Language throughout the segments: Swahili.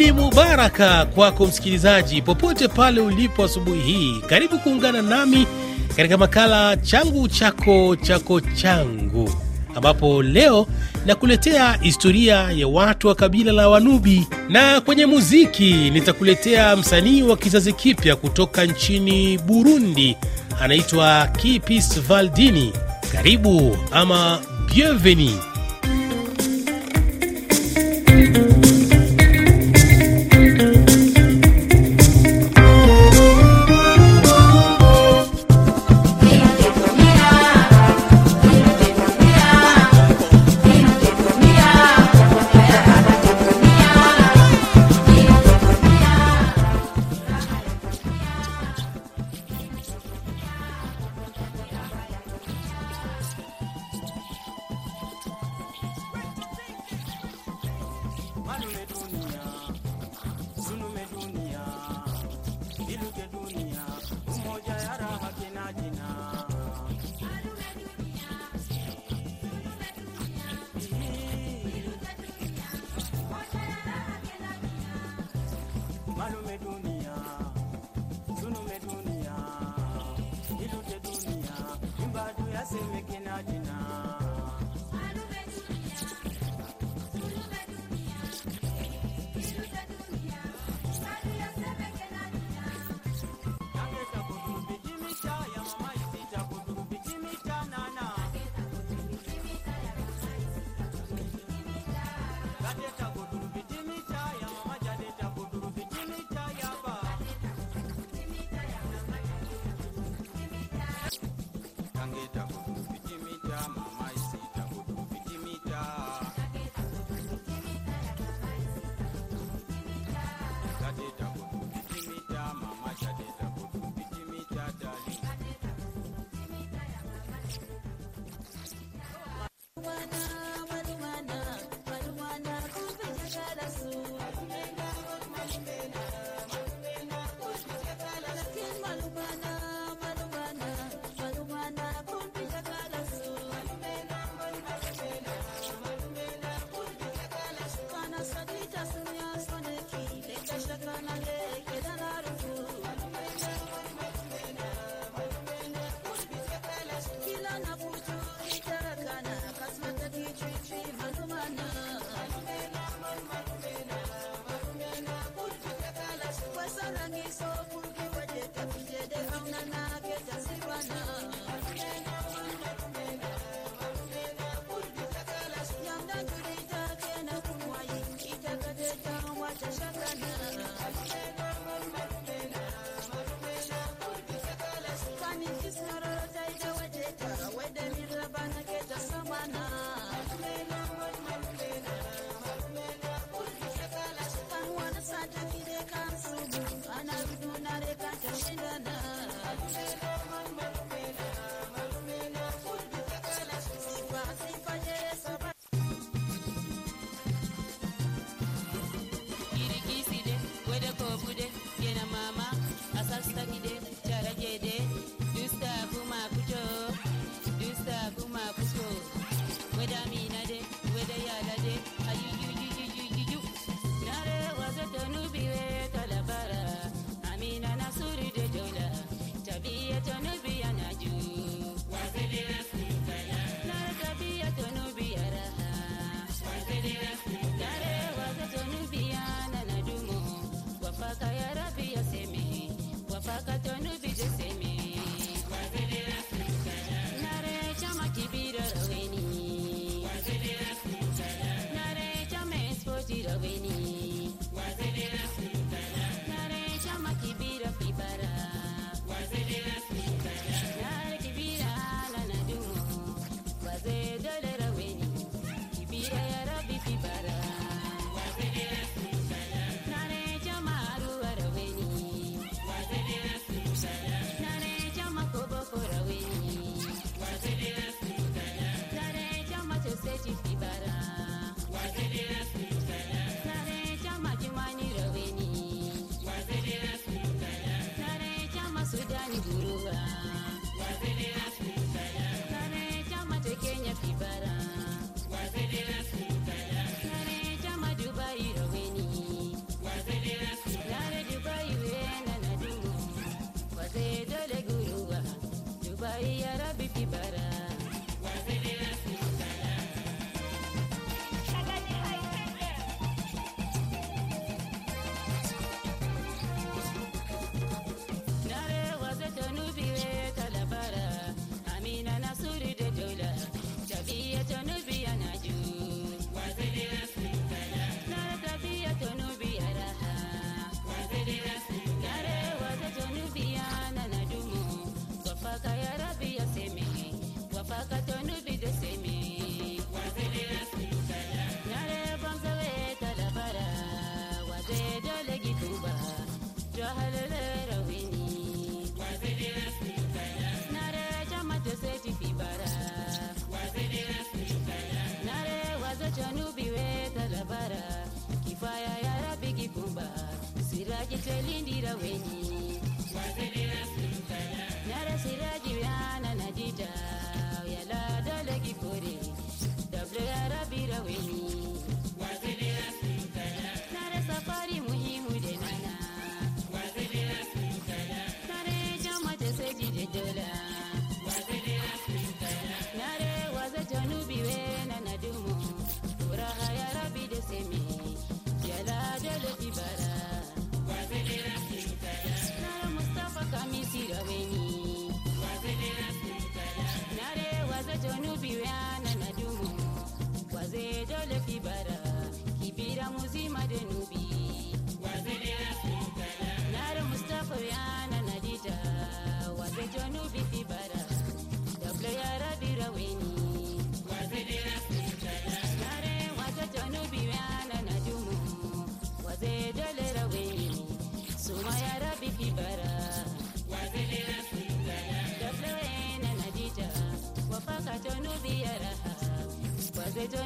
Idi mubaraka kwako msikilizaji, popote pale ulipo asubuhi hii, karibu kuungana nami katika makala changu chako chako changu, ambapo leo nakuletea historia ya watu wa kabila la Wanubi, na kwenye muziki nitakuletea msanii wa kizazi kipya kutoka nchini Burundi, anaitwa Kipis Valdini. Karibu ama bienvenue.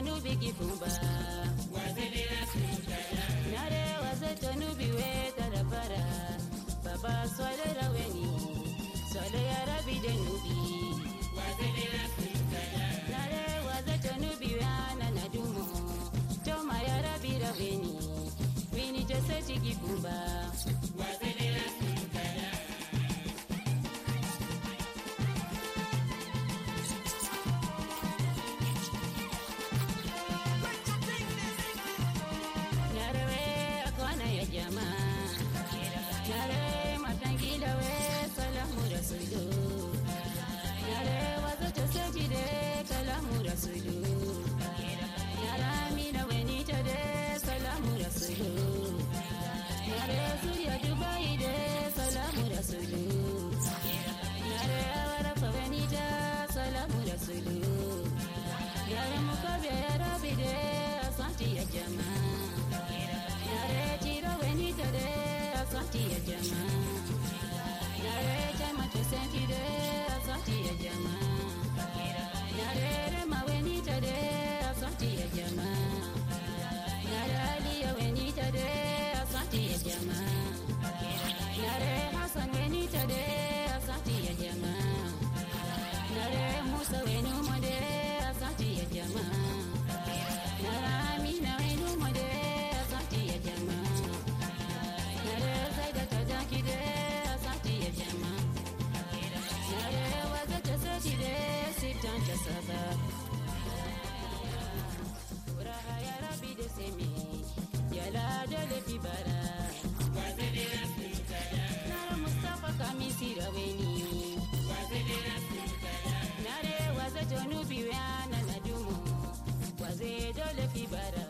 nubi kifumba nare wazeta nubi weta da fara baba swale raweni swale ya rabi nare wazeta nubi wana na dumo toma ya rabi raweni wini Ibarat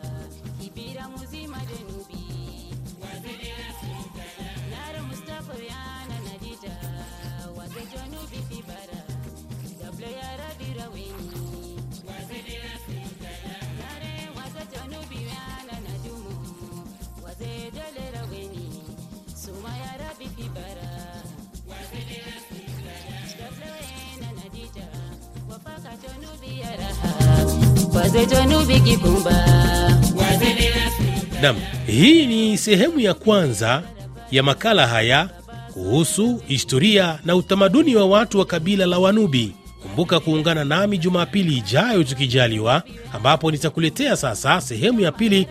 Nam, hii ni sehemu ya kwanza ya makala haya kuhusu historia na utamaduni wa watu wa kabila la Wanubi. Kumbuka kuungana nami Jumapili ijayo tukijaliwa, ambapo nitakuletea sasa sehemu ya pili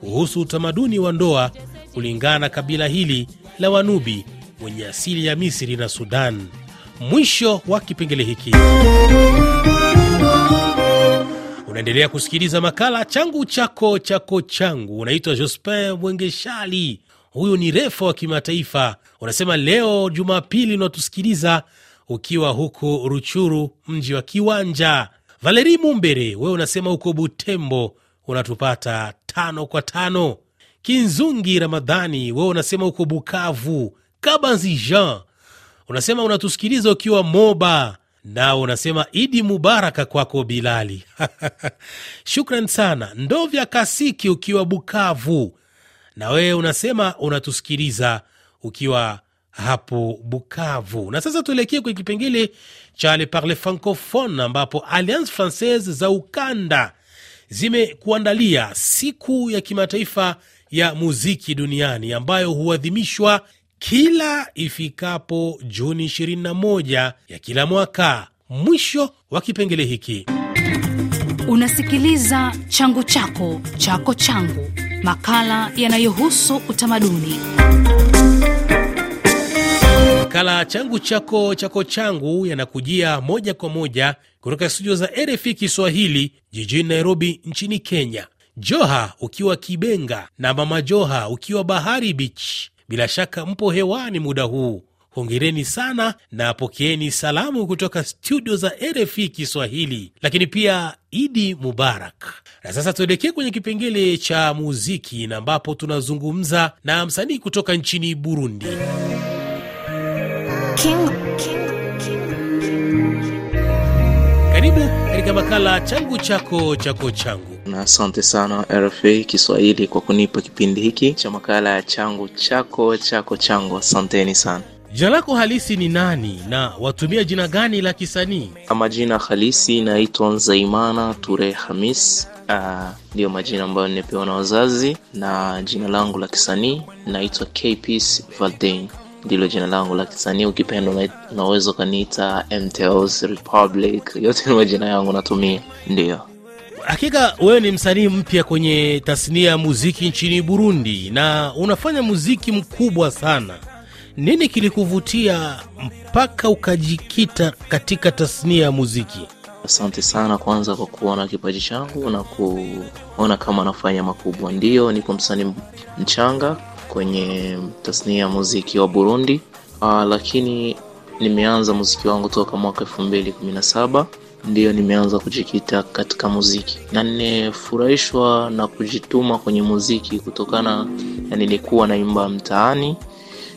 kuhusu utamaduni wa ndoa kulingana na kabila hili la Wanubi wenye asili ya Misri na Sudan. Mwisho wa kipengele hiki Unaendelea kusikiliza makala changu chako chako changu. Unaitwa Jospin mwengeshali huyu ni refa wa kimataifa. Unasema leo Jumapili unatusikiliza ukiwa huko Ruchuru, mji wa Kiwanja. Valeri Mumbere, wewe unasema huko Butembo unatupata tano kwa tano. Kinzungi Ramadhani, wewe unasema huko Bukavu. Kabanzi Jean unasema unatusikiliza ukiwa Moba nao unasema Idi mubaraka kwako Bilali. Shukran sana Ndovya Kasiki ukiwa Bukavu, na wewe unasema unatusikiliza ukiwa hapo Bukavu. Na sasa tuelekee kwenye kipengele cha Le Parle Francophone, ambapo Alliance Francaise za ukanda zimekuandalia siku ya kimataifa ya muziki duniani ambayo huadhimishwa kila ifikapo Juni 21 ya kila mwaka. Mwisho wa kipengele hiki. Unasikiliza Changu Chako Chako Changu, makala yanayohusu utamaduni. Makala Changu Chako Chako Changu yanakujia moja kwa moja kutoka studio za RFI Kiswahili jijini Nairobi nchini Kenya. Joha ukiwa Kibenga na Mama Joha ukiwa Bahari Beach bila shaka mpo hewani muda huu, hongereni sana na pokeeni salamu kutoka studio za RFI Kiswahili, lakini pia Idi Mubarak. Na sasa tuelekee kwenye kipengele cha muziki, na ambapo tunazungumza na msanii kutoka nchini Burundi King, King, King, King. Karibu katika makala changu chako chako changu na asante sana RFA Kiswahili kwa kunipa kipindi hiki cha makala ya changu chako chako changu. Asanteni sana. Jina lako halisi ni nani na watumia jina gani la kisanii? Kama jina halisi naitwa Nzaimana Ture Hamis. Ah, ndiyo majina ambayo nimepewa na wazazi, na jina langu la kisanii naitwa KPS Valdain, ndilo jina langu la kisanii. Ukipenda unaweza ukaniita MTLs Republic, yote ni majina yangu natumia, ndiyo. Hakika wewe ni msanii mpya kwenye tasnia ya muziki nchini Burundi na unafanya muziki mkubwa sana. Nini kilikuvutia mpaka ukajikita katika tasnia ya muziki? Asante sana kwanza kwa kuona kipaji changu na kuona kama nafanya makubwa. ndio niko msanii mchanga kwenye tasnia ya muziki wa Burundi. Aa, ah, lakini nimeanza muziki wangu toka mwaka elfu mbili kumi na saba ndiyo nimeanza kujikita katika muziki na nimefurahishwa na kujituma kwenye muziki kutokana yani nilikuwa naimba mtaani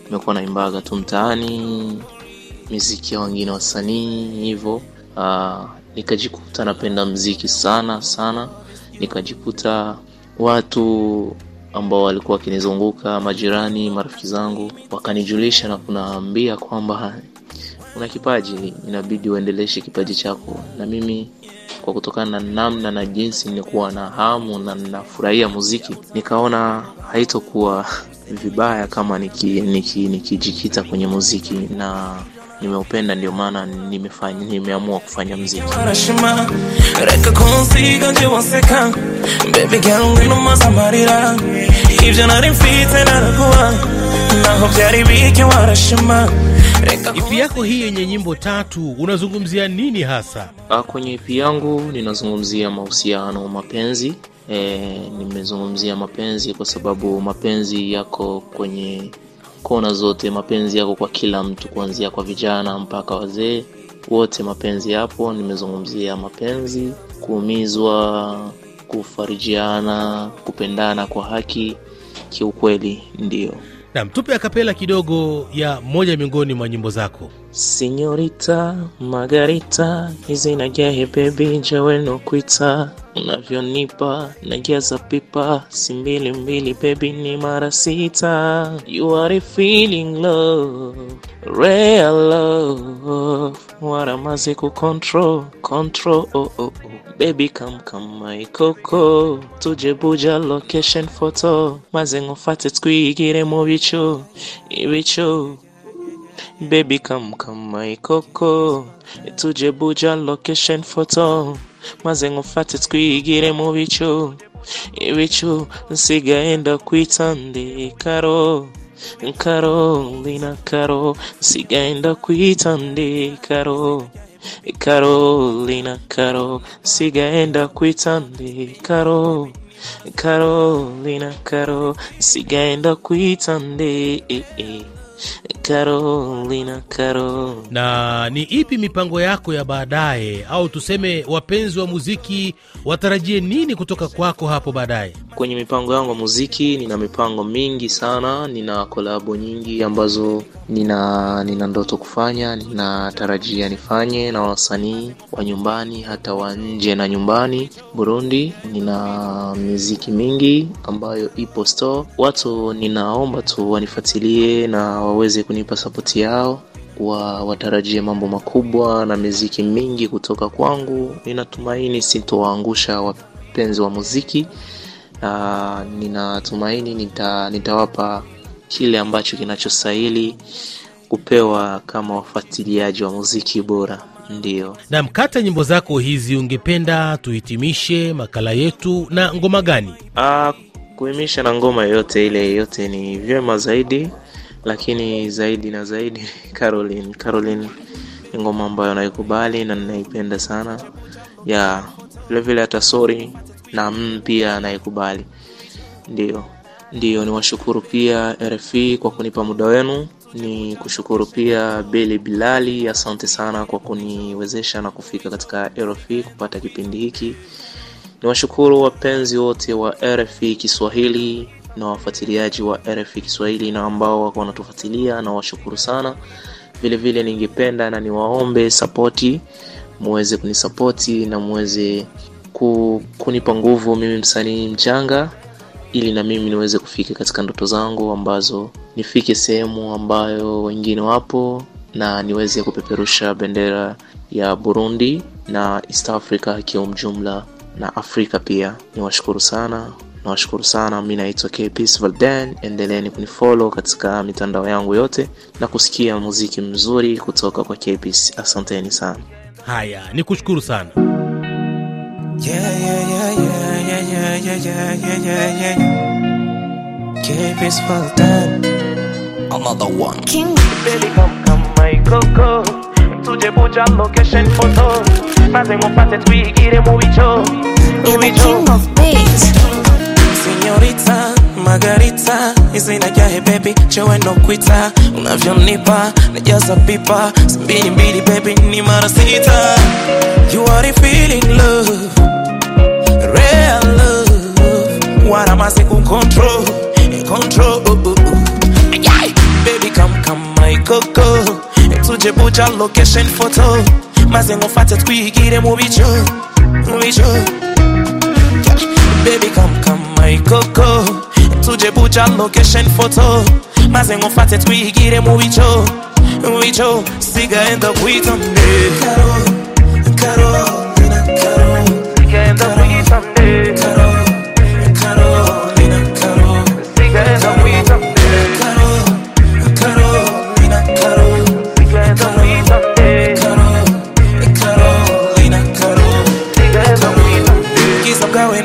nimekuwa naimbaga tu mtaani miziki ya wengine wasanii hivyo ah, nikajikuta napenda mziki sana sana nikajikuta watu ambao walikuwa wakinizunguka majirani marafiki zangu wakanijulisha na kunaambia kwamba una kipaji inabidi uendeleshe kipaji chako na mimi kwa kutokana na namna na jinsi nilikuwa na hamu na nafurahia muziki nikaona haitokuwa vibaya kama nikijikita niki, niki kwenye muziki na nimeupenda ndio maana nimeamua kufanya mziki ipi yako hii yenye nyimbo tatu unazungumzia nini hasa? Ah, kwenye ipi yangu ninazungumzia mahusiano, mapenzi. E, nimezungumzia mapenzi kwa sababu mapenzi yako kwenye kona zote, mapenzi yako kwa kila mtu, kuanzia kwa vijana mpaka wazee wote, mapenzi yapo. Nimezungumzia mapenzi, kuumizwa, kufarijiana, kupendana kwa haki, kiukweli ndio Nam, tupe akapela kidogo ya moja miongoni mwa nyimbo zako. Sinyorita Margarita izinajahebebinjawenokwita unavyonipa najaza pipa si mbili mbili baby ni mara sita you are a feeling love real love waramaze ku control control oh, oh, oh. baby come come my coco tuje buja location photo maze ngufate twigire mu bico ibico baby come come my coco tuje buja location photo maze nkufate twigire mu bicu ibicu nsigaye ndakwitandikaro karo Caro sigaye ndakwitandikaro Carolina Caro sigaye ndakwitandikaro Carolina Caro sigaye ndakwitandikaro eh, eh. Carolina, Carolina. Na ni ipi mipango yako ya baadaye, au tuseme wapenzi wa muziki watarajie nini kutoka kwako hapo baadaye? Kwenye mipango yangu ya muziki, nina mipango mingi sana, nina kolabo nyingi ambazo nina nina ndoto kufanya, ninatarajia nifanye na wasanii wa nyumbani hata wa nje na nyumbani Burundi. Nina miziki mingi ambayo ipo store, watu ninaomba tu wanifuatilie na waweze kunipa sapoti yao wa watarajie mambo makubwa na miziki mingi kutoka kwangu. Ninatumaini sitowaangusha wapenzi wa muziki na ninatumaini nita, nitawapa kile ambacho kinachostahili kupewa kama wafuatiliaji wa muziki bora. ndio nam kata nyimbo zako hizi, ungependa tuhitimishe makala yetu na ngoma gani? Ah, kuhimisha na ngoma yoyote ile, yeyote ni vyema zaidi lakini zaidi na zaidi Caroline. Caroline ni ngoma ambayo naikubali na ninaipenda sana ya vilevile, hata sorry na mm pia naikubali. Ndio, ndio niwashukuru pia rf kwa kunipa muda wenu, ni kushukuru pia Beli Bilali, asante sana kwa kuniwezesha na kufika katika rf kupata kipindi hiki. Niwashukuru wapenzi wote wa rf Kiswahili na wafuatiliaji wa rf Kiswahili na ambao wako wanatufuatilia na washukuru sana. Vile vile ningependa na niwaombe sapoti, muweze kunisapoti na muweze ku, kunipa nguvu mimi msanii mchanga ili na mimi niweze kufika katika ndoto zangu ambazo nifike sehemu ambayo wengine wapo na niweze kupeperusha bendera ya Burundi na East Africa kiumjumla na Afrika pia. Niwashukuru sana. Nawashukuru sana. Mimi naitwa KPS Valdan, endeleeni kunifollow katika mitandao yangu yote na kusikia muziki mzuri kutoka kwa KPS. Asanteni sana. Haya, ni kushukuru sana yeah, yeah, KPS Valdan, another one King. Baby, come, come, my coco tuje buja location photo maze ngufate twigire mu bico in the king of bass Señorita, Margarita, isinajahe baby, chewe ndo kwita, unavyonipa najaza pipa, si mbili baby, ni mara sita. You are feeling love, real love, waramasi kukontrol, control, baby come come my coco, tuje buja location photo, mazengo fata twigire mu bicho, mu bicho, baby come come my coco tujebuja location photo mazengo fate twigiremu wicho wicho sigaenda kuitambe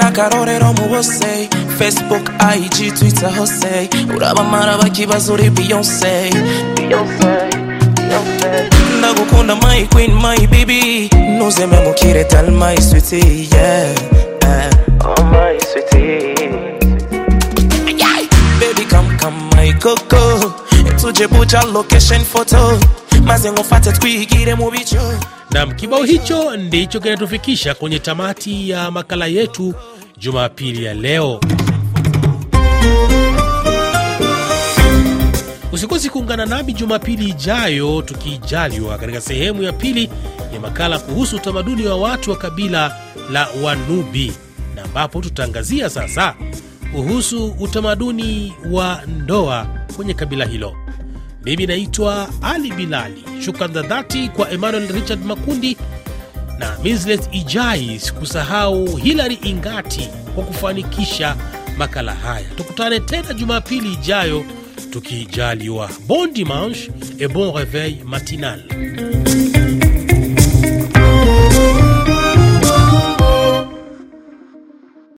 akarorero mu bose facebook ig twitter hose urabamara bakibaza uri beyonce ndagukunda my queen my baby ntuzeme mukire tal my sweetie yeah oh my sweetie baby come come my coco tuje buja location photo Nam, kibao hicho ndicho kinatufikisha kwenye tamati ya makala yetu Jumapili ya leo. Usikosi kuungana nami Jumapili ijayo tukijaliwa, katika sehemu ya pili ya makala kuhusu utamaduni wa watu wa kabila la Wanubi, na ambapo tutaangazia sasa kuhusu utamaduni wa ndoa kwenye kabila hilo. Mimi naitwa Ali Bilali. Shukran za dhati kwa Emmanuel Richard Makundi na Mislet Ijai, sikusahau Hilary Ingati kwa kufanikisha makala haya. Tukutane tena Jumapili ijayo tukijaliwa. Bon dimanche e bon reveil matinal.